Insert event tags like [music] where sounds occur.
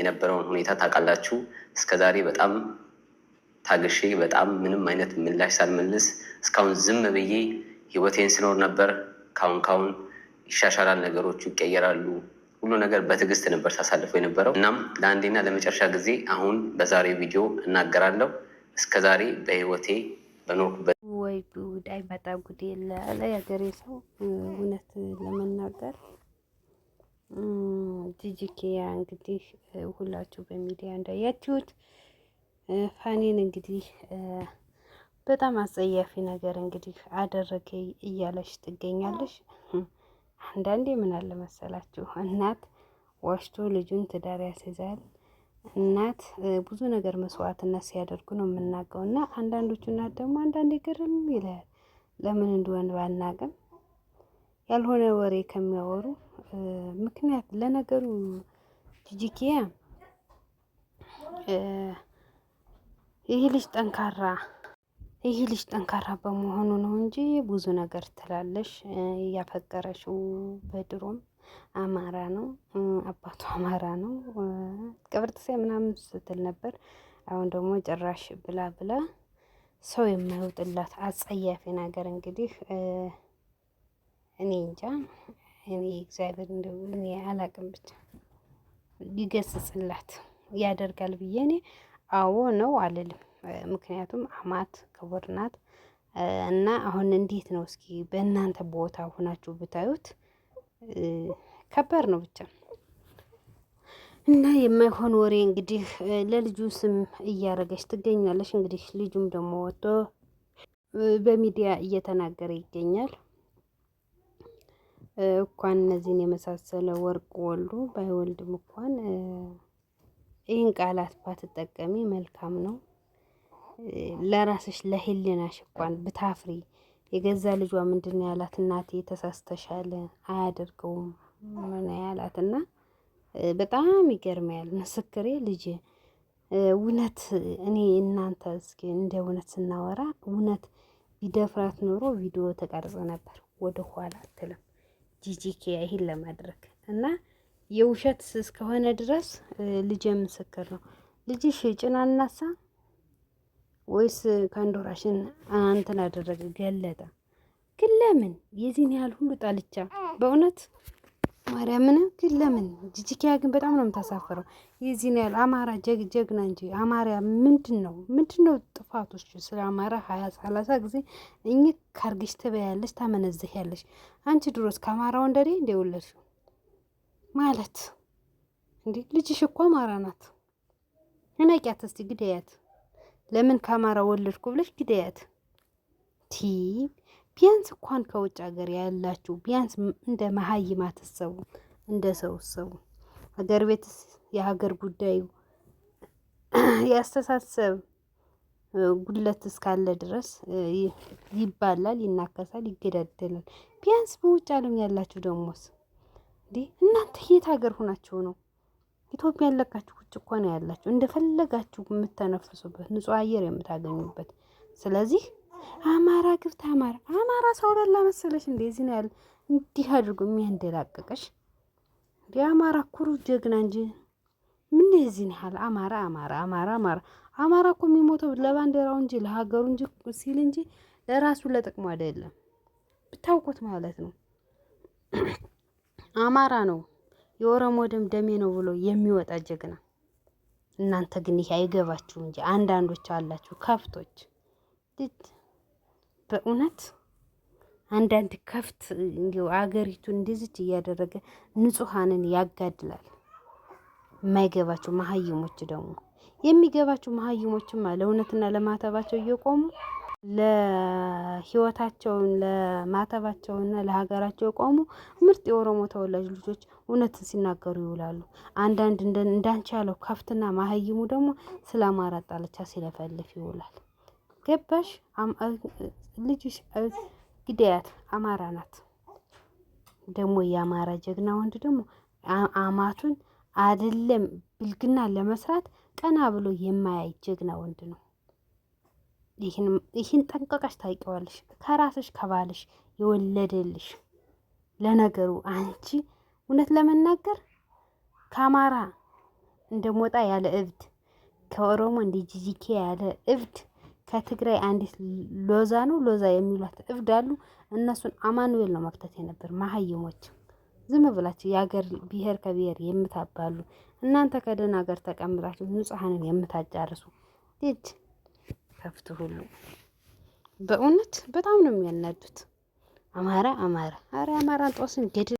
የነበረውን ሁኔታ ታውቃላችሁ። እስከዛሬ በጣም ታግሼ በጣም ምንም አይነት ምላሽ ሳልመልስ እስካሁን ዝም ብዬ ህይወቴን ስኖር ነበር። ካሁን ካሁን ይሻሻላል፣ ነገሮቹ ይቀየራሉ፣ ሁሉ ነገር በትዕግስት ነበር ሳሳልፈው የነበረው። እናም ለአንዴና ለመጨረሻ ጊዜ አሁን በዛሬ ቪዲዮ እናገራለሁ። እስከዛሬ በህይወቴ በኖርኩበት ወይ ጉድ አይመጣ ጉድ የለ ያገሬ ሰው እውነት ለመናገር ጂጂኪያ እንግዲህ ሁላችሁ በሚዲያ እንዳያችሁት ፋኔን እንግዲህ በጣም አጸያፊ ነገር እንግዲህ አደረገ እያለች ትገኛለች። አንዳንዴ ምን አለ መሰላችሁ እናት ዋሽቶ ልጁን ትዳር ያስይዛል። እናት ብዙ ነገር መስዋዕትነት ሲያደርጉ ነው የምናውቀው እና አንዳንዶቹ እናት ደግሞ አንዳንዴ ግርም ይላል። ለምን እንደሆነ ባናቅም ያልሆነ ወሬ ከሚያወሩ ምክንያት ለነገሩ ጂጂኪያ ይህ ልጅ ጠንካራ ይህ ልጅ ጠንካራ በመሆኑ ነው እንጂ ብዙ ነገር ትላለሽ። ያፈቀረሽው በድሮም አማራ ነው፣ አባቱ አማራ ነው፣ ቅብርጥሴ ምናምን ስትል ነበር። አሁን ደግሞ ጭራሽ ብላ ብላ ሰው የማይወጥላት አጸያፊ ነገር እንግዲህ እኔ እንጃ እኔ እግዚአብሔር እንደው እኔ አላቅም ብቻ ይገስጽላት ያደርጋል ብዬ እኔ አዎ ነው አልልም። ምክንያቱም አማት ክቡር ናት እና አሁን እንዴት ነው እስኪ በእናንተ ቦታ ሆናችሁ ብታዩት ከባድ ነው ብቻ እና የማይሆን ወሬ እንግዲህ ለልጁ ስም እያደረገች ትገኛለች። እንግዲህ ልጁም ደግሞ ወጥቶ በሚዲያ እየተናገረ ይገኛል። እንኳን እነዚህን የመሳሰለ ወርቅ ወልዶ ባይወልድም እንኳን ይህን ቃላት ባትጠቀሚ መልካም ነው። ለራስሽ ለህሊናሽ እንኳን ብታፍሪ የገዛ ልጇ ምንድን ያላት እናቴ ተሳስተሻል፣ አያደርገውም ምን ያላት እና በጣም ይገርማል። ምስክሬ ልጅ እውነት እኔ እናንተ እስኪ እንደ እውነት ስናወራ እውነት ቢደፍራት ኖሮ ቪዲዮ ተቀርጸ ነበር። ወደኋላ አትልም። ጂጂኬ ይሄን ለማድረግ እና የውሸት እስከሆነ ድረስ ልጅ ምስክር ነው። ልጅሽ ጭና እናሳ ወይስ ከንዶራሽን አንተን አደረገ ገለጠ ግን ለምን የዚህን ያህል ሁሉ ጣልቻ በእውነት ማርያምን ግን ለምን ጂጂኪያ ግን በጣም ነው የምታሳፍረው። የዚህን ያህል አማራ ጀግ ጀግና እንጂ አማራ ምንድን ነው ምንድን ነው ጥፋቶች? ስለ አማራ ሀያ ሰላሳ ጊዜ እኝ ካርግሽ ትበያለሽ፣ ታመነዝህ ያለሽ አንቺ ድሮስ ከአማራ ወንደዴ እንደወለድሽ ማለት እንዴ? ልጅሽ እኮ አማራ ናት። እነቂያት እስቲ ግደያት። ለምን ከአማራ ወለድኩ ብለሽ ግደያት ቲ ቢያንስ እንኳን ከውጭ ሀገር ያላችሁ ቢያንስ እንደ መሀይም አትሰቡ፣ እንደ ሰው ሰቡ። ሀገር ቤትስ የሀገር ጉዳዩ ያስተሳሰብ [clears throat] ጉድለት እስካለ ድረስ ይባላል፣ ይናከሳል፣ ይገዳደላል። ቢያንስ በውጭ ዓለም ያላችሁ ደግሞስ እንዴ እናንተ የት ሀገር ሆናችሁ ነው? ኢትዮጵያ ያለካችሁ ውጭ እኮ ነው ያላችሁ፣ እንደፈለጋችሁ የምተነፍሱበት ንጹህ አየር የምታገኙበት ስለዚህ አማራ ግብት አማራ አማራ ሰው በላ መሰለሽ? እንዴ? እዚህ ነው ያለ። እንዲህ አድርጎ የሚያንደላቅቅሽ የአማራ ኩሩ ጀግና እንጂ ምን የዚህን ያለ አማራ አማራ አማራ አማራ አማራ እኮ የሚሞተው ለባንዲራው እንጂ ለሀገሩ እንጂ ሲል እንጂ ለራሱ ለጥቅሙ አይደለም። ብታውቁት ማለት ነው። አማራ ነው የኦሮሞ ደም ደሜ ነው ብሎ የሚወጣ ጀግና። እናንተ ግን ይሄ አይገባችሁ እንጂ አንዳንዶች አላችሁ ከፍቶች በእውነት አንዳንድ ከፍት እንዲው አገሪቱን እንደዚች እያደረገ ንጹሐንን ያጋድላል። የማይገባቸው መሀይሞች ደግሞ የሚገባቸው መሀይሞችማ ለእውነትና ለማተባቸው እየቆሙ ለህይወታቸውን ለማተባቸውና ለሀገራቸው የቆሙ ምርጥ የኦሮሞ ተወላጅ ልጆች እውነትን ሲናገሩ ይውላሉ። አንዳንድ ያለው ከፍትና መሀይሙ ደግሞ ስለ አማራ ጣልቻ ሲለፈልፍ ይውላል። ገባሽ? ልጅሽ ግዳያት አማራ ናት። ደግሞ የአማራ ጀግና ወንድ ደግሞ አማቱን አይደለም ብልግና ለመስራት ቀና ብሎ የማያይ ጀግና ወንድ ነው። ይህን ጠንቀቀሽ ታውቂዋለሽ። ከራስሽ ከባልሽ የወለደልሽ ለነገሩ አንቺ እውነት ለመናገር ከአማራ እንደሞጣ ያለ እብድ ከኦሮሞ እንደ ጂጂኬ ያለ እብድ ከትግራይ አንዲት ሎዛ ነው ሎዛ የሚሏት እብድ አሉ። እነሱን አማኑኤል ነው መክተት የነበር። መሀይሞች ዝም ብላችሁ የአገር ብሔር ከብሔር የምታባሉ እናንተ ከደህና ሀገር ተቀምጣችሁ ንጹሐንን የምታጫርሱ ልጅ ከፍት ሁሉ በእውነት በጣም ነው የሚያናዱት። አማራ አማራ አረ አማራን ጦስን ገድል